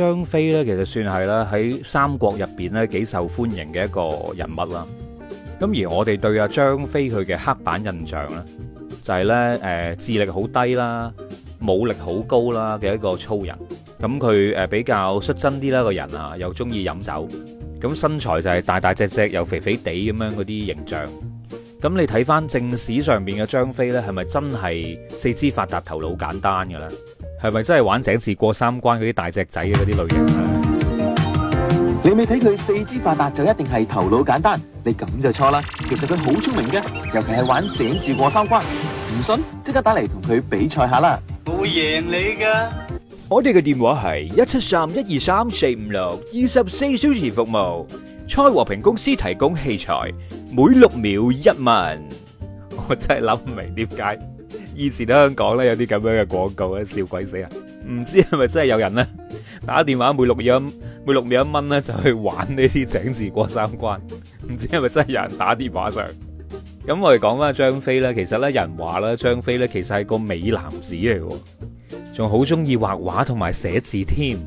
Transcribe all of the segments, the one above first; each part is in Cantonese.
張飛咧，其實算係啦，喺三國入邊咧幾受歡迎嘅一個人物啦。咁而我哋對阿張飛佢嘅刻板印象咧，就係咧誒智力好低啦，武力好高啦嘅一個粗人。咁佢誒比較率真啲啦個人啊，又中意飲酒。咁身材就係大大只隻，又肥肥地咁樣嗰啲形象。咁你睇翻正史上邊嘅張飛咧，係咪真係四肢發達頭腦簡單嘅咧？係咪真係玩井字過三關嗰啲大隻仔嘅嗰啲類型啊？你未睇佢四肢發達就一定係頭腦簡單？你咁就錯啦！其實佢好聰明嘅，尤其係玩井字過三關。唔信，即刻打嚟同佢比賽下啦！我會贏你噶！我哋嘅電話係一七三一二三四五六，二十四小時服務。蔡和平公司提供器材，每六秒一文。我真係諗唔明點解。以前香港咧有啲咁樣嘅廣告咧，笑鬼死啊！唔知係咪真係有人咧打電話，每六秒每六秒一蚊咧就去玩呢啲井字過三關，唔知係咪真係有人打電話上？咁我哋講翻阿張飛咧，其實咧有人話咧張飛咧其實係個美男子嚟嘅，仲好中意畫畫同埋寫字添。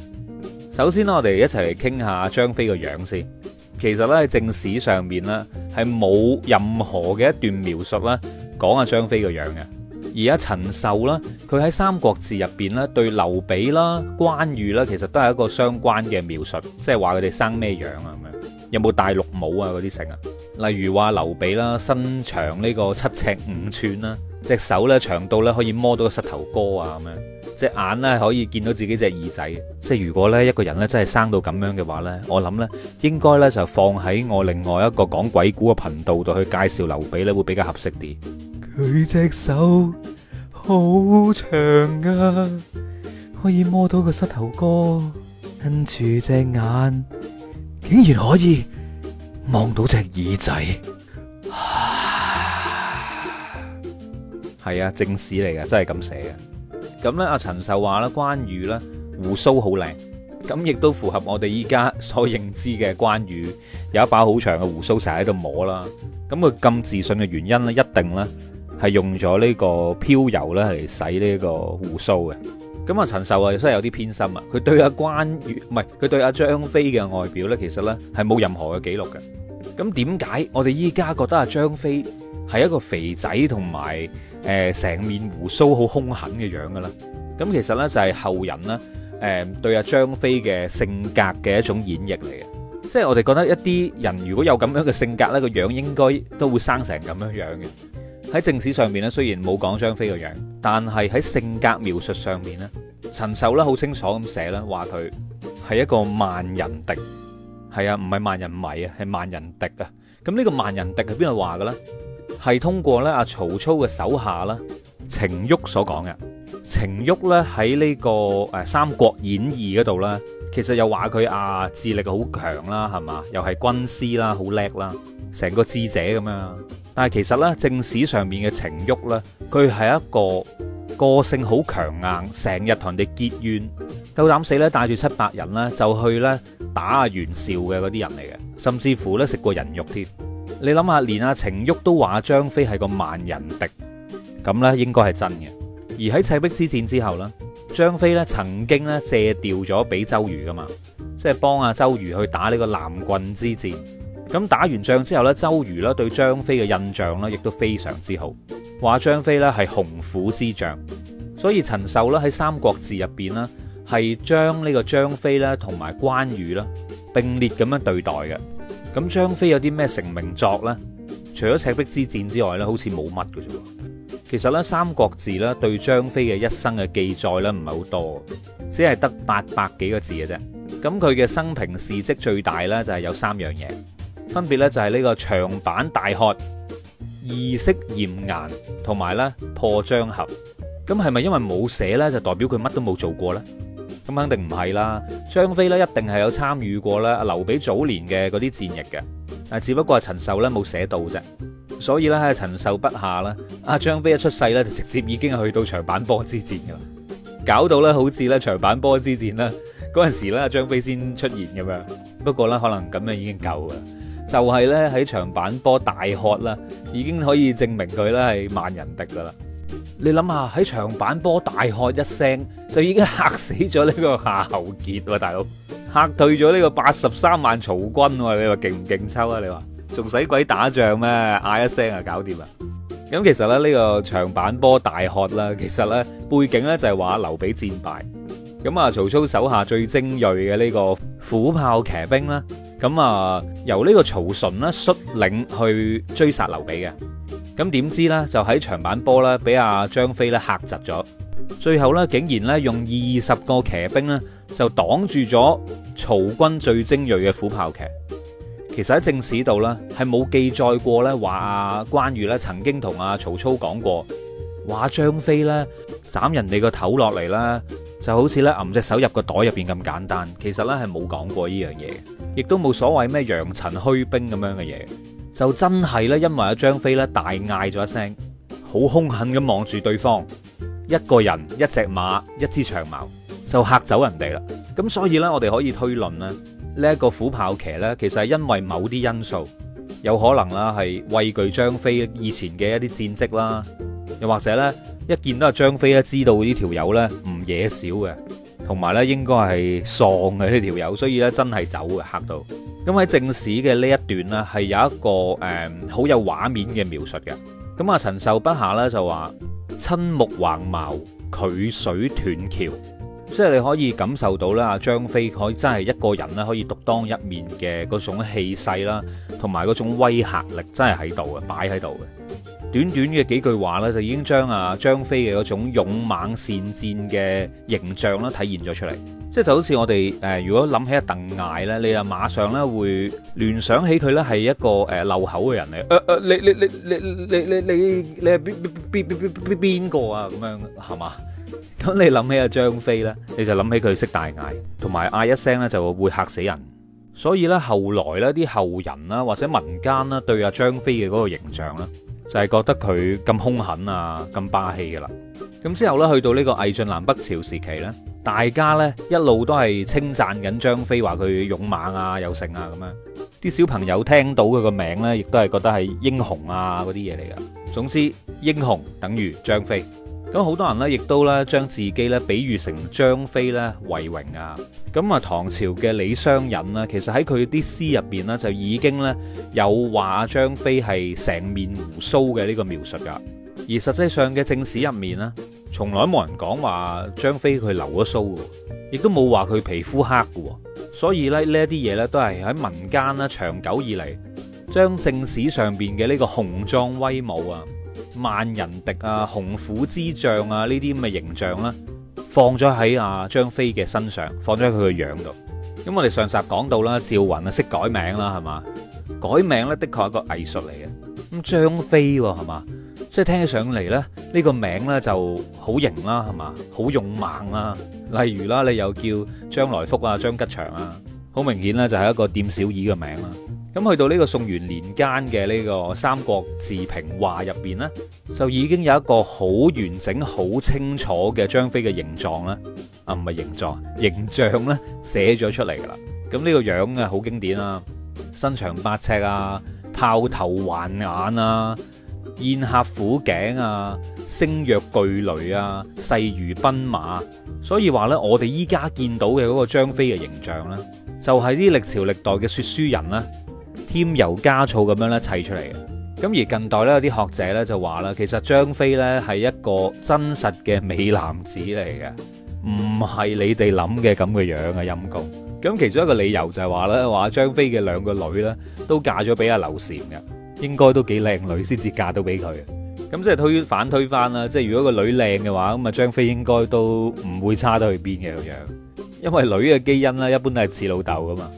首先咧，我哋一齊嚟傾下張飛個樣先。其實咧喺正史上面咧係冇任何嘅一段描述啦，講下張飛個樣嘅。而家陳壽啦，佢喺《三國志》入邊咧，對劉備啦、關羽啦，其實都係一個相關嘅描述，即係話佢哋生咩樣啊咁樣，有冇戴綠帽啊嗰啲成啊？例如話劉備啦，身長呢個七尺五寸啦，隻手咧長到咧可以摸到個膝頭哥啊咁樣，隻眼咧可以見到自己隻耳仔。即係如果咧一個人咧真係生到咁樣嘅話咧，我諗咧應該咧就放喺我另外一個講鬼故嘅頻道度去介紹劉備咧，會比較合適啲。佢隻手好長㗎，啊，可以摸到個膝頭哥，跟住隻眼竟然可以望到隻耳仔，係啊，正史嚟嘅，真係咁寫嘅。咁咧，阿陳壽話啦，關羽咧鬍鬚好靚，咁亦都符合我哋依家所認知嘅關羽有一把好長嘅鬍鬚，成日喺度摸啦。咁佢咁自信嘅原因咧，一定咧。係用咗呢個飄柔咧嚟洗呢個鬍鬚嘅。咁啊，陳壽啊，真係有啲偏心啊。佢對阿關羽唔係，佢對阿張飛嘅外表咧，其實咧係冇任何嘅記錄嘅。咁點解我哋依家覺得阿張飛係一個肥仔同埋誒成面鬍鬚好兇狠嘅樣㗎咧？咁其實咧就係後人咧誒對阿張飛嘅性格嘅一種演繹嚟嘅。即係我哋覺得一啲人如果有咁樣嘅性格咧，個樣應該都會生成咁樣樣嘅。喺正史上面咧，雖然冇講張飛個樣，但係喺性格描述上面咧，陳壽咧好清楚咁寫啦，話佢係一個萬人敵，係啊，唔係萬人迷啊，係萬人敵啊。咁呢個萬人敵係邊個話嘅咧？係通過咧阿曹操嘅手下啦，程昱所講嘅。程昱咧喺呢個誒《三國演義》嗰度咧，其實又話佢啊智力好強啦，係嘛，又係軍師啦，好叻啦，成個智者咁樣。但係其實呢，正史上面嘅程昱呢，佢係一個個性好強硬，成日同人哋結怨，夠膽死咧，帶住七百人呢，就去呢打阿袁紹嘅嗰啲人嚟嘅，甚至乎呢，食過人肉添。你諗下，連阿程昱都話張飛係個萬人敵，咁呢應該係真嘅。而喺赤壁之戰之後呢，張飛呢曾經呢，借調咗俾周瑜噶嘛，即係幫阿周瑜去打呢個南郡之戰。咁打完仗之後呢，周瑜咧，對張飛嘅印象亦都非常之好，話張飛呢係雄虎之將。所以陳壽咧，喺《三國志》入邊呢係將呢個張飛咧，同埋關羽啦並列咁樣對待嘅。咁張飛有啲咩成名作呢？除咗赤壁之戰之外呢，好似冇乜嘅啫。其實呢《三國志》呢對張飛嘅一生嘅記載咧，唔係好多，只係得八百幾個字嘅啫。咁佢嘅生平事迹最大呢，就係有三樣嘢。分別咧就係呢個長坂大喝、義釋嚴顏同埋咧破張郃。咁係咪因為冇寫咧就代表佢乜都冇做過咧？咁肯定唔係啦。張飛咧一定係有參與過咧，劉備早年嘅嗰啲戰役嘅。但只不過係陳壽咧冇寫到啫。所以咧，陳壽筆下啦，阿張飛一出世咧就直接已經去到長坂坡之戰噶啦。搞到咧好似咧長坂坡之戰啦嗰陣時咧，張飛先出現咁樣。不過咧，可能咁樣已經夠噶。就係咧喺長坂坡大喝啦，已經可以證明佢咧係萬人敵噶啦。你諗下喺長坂坡大喝一聲，就已經嚇死咗呢個夏侯傑喎，大佬吓退咗呢個八十三萬曹軍喎。你話勁唔勁抽啊？你話仲使鬼打仗咩？嗌一聲啊，搞掂啦。咁其實咧呢個長坂坡大喝啦，其實咧背景咧就係話劉備戰敗，咁啊曹操手下最精銳嘅呢個虎豹騎兵啦。咁啊，由呢個曹純咧率領去追殺劉備嘅，咁點知呢？就喺長板坡咧，俾阿張飛咧吓窒咗，最後竟然用二十個騎兵就擋住咗曹軍最精銳嘅虎豹騎。其實喺正史度咧係冇記載過咧話關羽曾經同阿曹操講過，話張飛咧斬人哋個頭落嚟啦，就好似咧揞隻手入個袋入邊咁簡單，其實呢係冇講過呢樣嘢，亦都冇所謂咩揚塵虛兵咁樣嘅嘢，就真係呢因為阿張飛呢大嗌咗一聲，好兇狠咁望住對方，一個人一隻馬一支長矛就嚇走人哋啦。咁所以呢，我哋可以推論呢呢個虎豹騎呢，其實係因為某啲因素，有可能啦係畏懼張飛以前嘅一啲戰績啦，又或者呢。一見到阿張飛咧，知道呢條友唔惹少嘅，同埋呢應該係喪嘅呢條友，所以呢真係走嘅嚇到。咁喺正史嘅呢一段呢係有一個好、嗯、有畫面嘅描述嘅。咁阿陳壽筆下呢，就話：親目橫矛，拒水斷橋，即係你可以感受到咧，阿張飛可以真係一個人咧可以獨當一面嘅嗰種氣勢啦，同埋嗰種威嚇力真係喺度嘅，擺喺度嘅。短短嘅幾句話咧，就已經將啊張飛嘅嗰種勇猛善戰嘅形象咧，體現咗出嚟。即係就好似我哋誒，如果諗起阿鄧艾咧，你啊馬上咧會聯想起佢咧係一個誒漏口嘅人嚟。誒誒，你你你你你你你你係邊邊邊邊邊邊個啊？咁樣係嘛？咁你諗起阿張飛咧，你就諗起佢識大嗌，同埋嗌一聲咧就會嚇死人。所以咧，後來咧啲後人啦或者民間啦對阿張飛嘅嗰個形象咧。就係、是、覺得佢咁兇狠啊，咁霸氣㗎啦。咁之後呢，去到呢個魏晉南北朝時期呢，大家呢一路都係稱讚緊張飛，話佢勇猛啊、有成啊咁樣。啲小朋友聽到佢個名呢，亦都係覺得係英雄啊嗰啲嘢嚟噶。總之，英雄等於張飛。咁好多人呢，亦都呢將自己呢比喻成張飛呢為榮啊。咁啊，唐朝嘅李商隱呢，其實喺佢啲詩入邊呢，就已經呢有話張飛係成面胡鬚嘅呢個描述噶。而實際上嘅正史入面呢，從來冇人講話張飛佢留咗鬚嘅，亦都冇話佢皮膚黑嘅。所以咧，呢一啲嘢咧，都係喺民間啦。長久以嚟將正史上面嘅呢個雄壯威武啊、萬人敵啊、熊虎之將啊呢啲咁嘅形象呢，放咗喺阿張飛嘅身上，放咗喺佢嘅樣度。咁我哋上集講到啦，趙雲啊識改名啦，係嘛？改名咧，的確係一個藝術嚟嘅。咁張飛喎，係嘛？即係聽起上嚟，呢個名呢就好型啦，係嘛，好勇猛啦。例如啦，你有叫張來福啊、張吉祥啊，好明顯呢就係一個店小二嘅名啦。咁去到呢個宋元年間嘅呢個《三國志平話》入邊呢，就已經有一個好完整、好清楚嘅張飛嘅形狀啦。啊，唔係形狀，形象呢寫咗出嚟噶啦。咁呢個樣啊好經典啊，身長八尺啊，豹頭環眼啊。燕客虎頸啊，聲若巨雷啊，勢如奔馬。所以話呢，我哋依家見到嘅嗰個張飛嘅形象呢，就係啲歷朝歷代嘅說書人呢，添油加醋咁樣咧砌出嚟嘅。咁而近代呢，有啲學者呢就話啦，其實張飛呢係一個真實嘅美男子嚟嘅，唔係你哋諗嘅咁嘅樣嘅陰公。咁其中一個理由就係話咧，話張飛嘅兩個女呢都嫁咗俾阿劉禪嘅。應該都幾靚女先至嫁到俾佢，咁即係推反推翻啦。即係如果個女靚嘅話，咁啊張飛應該都唔會差得去邊嘅咁樣，因為女嘅基因咧一般都係似老豆噶嘛。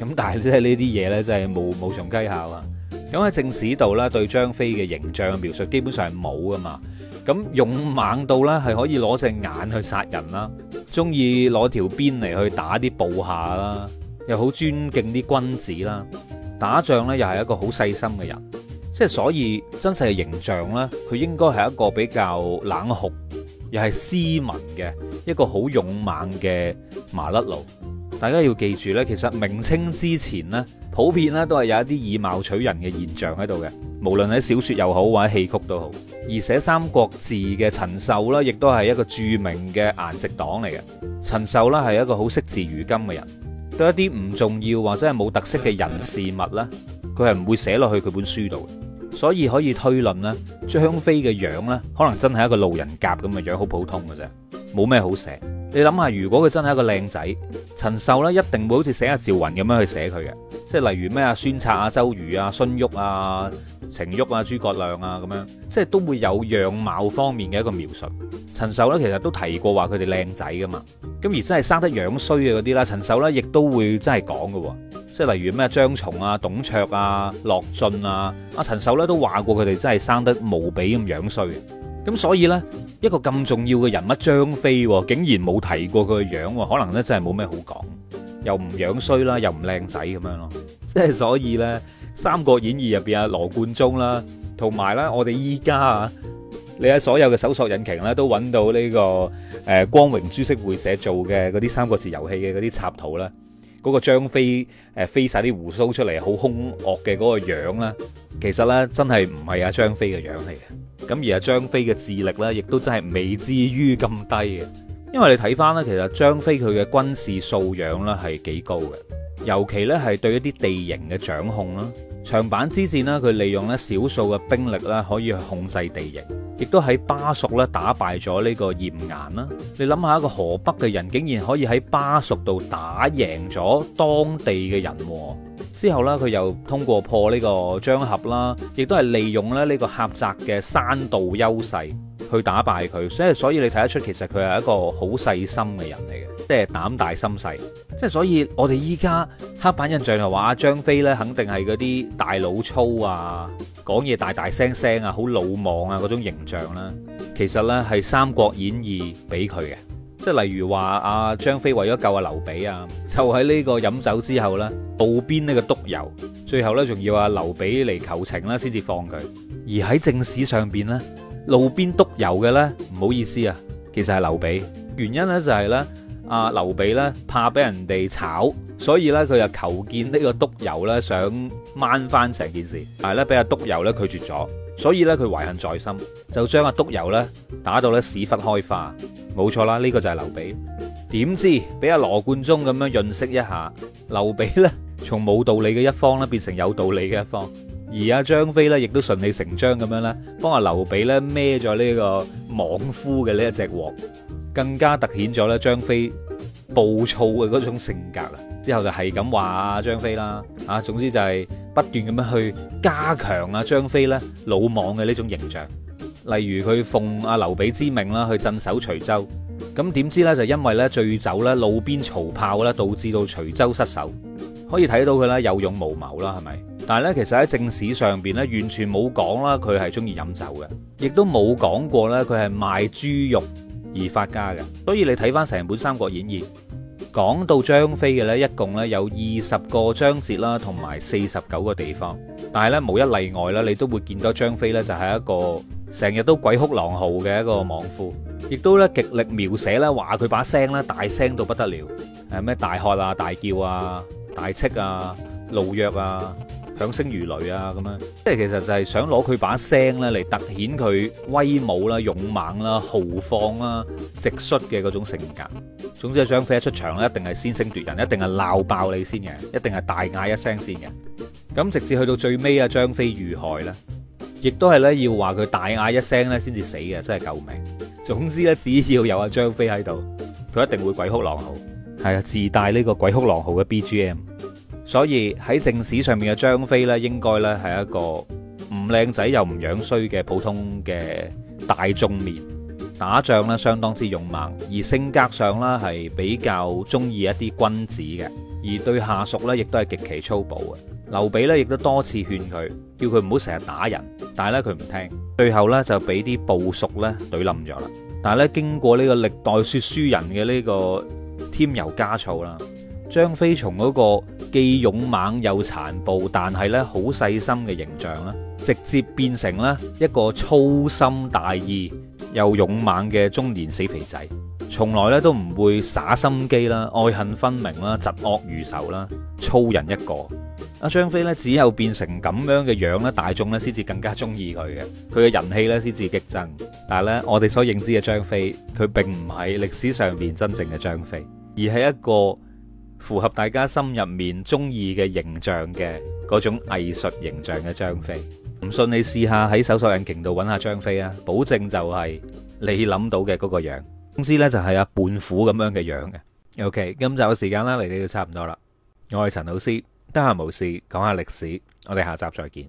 咁但係即係呢啲嘢咧，真係冇冇從稽考啊。咁喺正史度咧，對張飛嘅形象描述基本上係冇噶嘛。咁勇猛到咧係可以攞隻眼去殺人啦，中意攞條鞭嚟去打啲部下啦，又好尊敬啲君子啦。打仗呢，又係一個好細心嘅人，即係所以真實嘅形象呢，佢應該係一個比較冷酷又係斯文嘅一個好勇猛嘅麻甩佬。大家要記住呢，其實明清之前呢，普遍呢都係有一啲以貌取人嘅現象喺度嘅，無論喺小説又好或者戲曲都好。而寫《三國志》嘅陳壽呢，亦都係一個著名嘅顏值黨嚟嘅。陳壽呢，係一個好惜字如金嘅人。對一啲唔重要或者係冇特色嘅人事物呢，佢係唔會寫落去佢本書度，所以可以推論呢，張飛嘅樣呢，可能真係一個路人甲咁嘅樣，好普通嘅啫，冇咩好寫。你諗下，如果佢真係一個靚仔，陳壽呢一定會好似寫阿趙雲咁樣去寫佢嘅，即係例如咩啊，孫策啊，周瑜啊，荀彧啊，程昱、啊，諸葛亮啊咁樣，即係都會有樣貌方面嘅一個描述。陳壽咧其實都提過話佢哋靚仔噶嘛，咁而真係生得樣衰嘅嗰啲啦，陳壽咧亦都會真係講嘅，即係例如咩張松啊、董卓啊、樂進啊，阿陳壽咧都話過佢哋真係生得無比咁樣衰嘅。咁所以呢，一個咁重要嘅人物張飛、啊、竟然冇提過佢嘅樣，可能咧真係冇咩好講，又唔樣衰啦，又唔靚仔咁樣咯。即係所以呢，《三國演義》入邊啊，羅貫中啦，同埋呢，我哋依家啊。你喺所有嘅搜索引擎咧都揾到呢個誒光榮株式會社做嘅嗰啲三國志遊戲嘅嗰啲插圖啦，嗰、那個張飛誒飛曬啲鬍鬚出嚟，好兇惡嘅嗰個樣啦，其實咧真係唔係阿張飛嘅樣嚟嘅，咁而阿張飛嘅智力咧亦都真係未至於咁低嘅，因為你睇翻咧，其實張飛佢嘅軍事素養咧係幾高嘅，尤其咧係對一啲地形嘅掌控啦。長板之戰咧，佢利用咧少數嘅兵力咧，可以去控制地形，亦都喺巴蜀咧打敗咗呢個嚴顏啦。你諗下，一個河北嘅人竟然可以喺巴蜀度打贏咗當地嘅人和。之後咧，佢又通過破呢個張郃啦，亦都係利用咧呢個狹窄嘅山道優勢去打敗佢，所以所以你睇得出其實佢係一個好細心嘅人嚟嘅，即係膽大心細，即係所以我哋依家刻板印象就話張飛呢肯定係嗰啲大老粗啊，講嘢大大聲聲老啊，好魯莽啊嗰種形象啦，其實呢，係《三國演義》俾佢嘅。即係例如話阿張飛為咗救阿劉備啊，就喺呢個飲酒之後呢，路邊呢個督郵，最後呢仲要阿劉備嚟求情啦，先至放佢。而喺正史上邊呢，路邊督郵嘅呢，唔好意思啊，其實係劉備。原因呢就係、是、呢，阿、啊、劉備呢怕俾人哋炒，所以呢，佢就求見呢個督郵呢，想掹翻成件事，但係呢，俾阿督郵呢拒絕咗。所以咧，佢懷恨在心，就將阿督游咧打到咧屎忽開花。冇錯啦。呢、這個就係劉備。點知俾阿羅貫中咁樣潤色一下，劉備咧從冇道理嘅一方咧變成有道理嘅一方，而阿張飛咧亦都順理成章咁樣咧幫阿劉備咧孭咗呢個莽夫嘅呢一隻鑊，更加突顯咗咧張飛暴躁嘅嗰種性格啦。之後就係咁話啊張飛啦，啊總之就係不斷咁樣去加強啊張飛咧魯莽嘅呢種形象，例如佢奉阿劉備之命啦去鎮守徐州，咁點知咧就因為咧醉酒咧路邊嘈炮咧導致到徐州失守，可以睇到佢咧有勇無謀啦係咪？但係咧其實喺正史上邊咧完全冇講啦佢係中意飲酒嘅，亦都冇講過咧佢係賣豬肉而發家嘅，所以你睇翻成本三國演義。講到張飛嘅咧，一共咧有二十個章節啦，同埋四十九個地方，但係咧無一例外啦，你都會見到張飛咧就係一個成日都鬼哭狼嚎嘅一個莽夫，亦都咧極力描寫咧，話佢把聲咧大聲到不得了，係咩大喝啊、大叫啊、大斥啊、怒曰啊。響聲如雷啊咁樣，即係其實就係想攞佢把聲咧嚟突顯佢威武啦、勇猛啦、豪放啦、直率嘅嗰種性格。總之，張飛一出場咧，一定係先聲奪人，一定係鬧爆你先嘅，一定係大嗌一聲先嘅。咁直至去到最尾啊，張飛遇害啦，亦都係咧要話佢大嗌一聲咧先至死嘅，真係救命。總之咧，只要有阿張飛喺度，佢一定會鬼哭狼嚎。係啊，自帶呢個鬼哭狼嚎嘅 BGM。所以喺正史上面嘅張飛咧，應該咧係一個唔靚仔又唔樣衰嘅普通嘅大眾面，打仗咧相當之勇猛，而性格上咧係比較中意一啲君子嘅，而對下屬咧亦都係極其粗暴嘅。劉備咧亦都多次勸佢，叫佢唔好成日打人，但係咧佢唔聽，最後咧就俾啲部屬咧懟冧咗啦。但係咧經過呢個歷代說書人嘅呢個添油加醋啦。張飛從嗰個既勇猛又殘暴，但係咧好細心嘅形象咧，直接變成咧一個粗心大意又勇猛嘅中年死肥仔，從來咧都唔會耍心機啦，愛恨分明啦，疾惡如仇啦，粗人一個。阿張飛咧只有變成咁樣嘅樣咧，大眾咧先至更加中意佢嘅，佢嘅人氣咧先至激增。但係咧，我哋所認知嘅張飛，佢並唔係歷史上面真正嘅張飛，而係一個。符合大家心入面中意嘅形象嘅嗰種藝術形象嘅張飛，唔信你試下喺搜索引擎度揾下張飛啊，保證就係你諗到嘅嗰個樣。總之呢，就係阿胖虎咁樣嘅樣嘅。OK，今集嘅時間啦，嚟到就差唔多啦。我係陳老師，得閒無事講下歷史，我哋下集再見。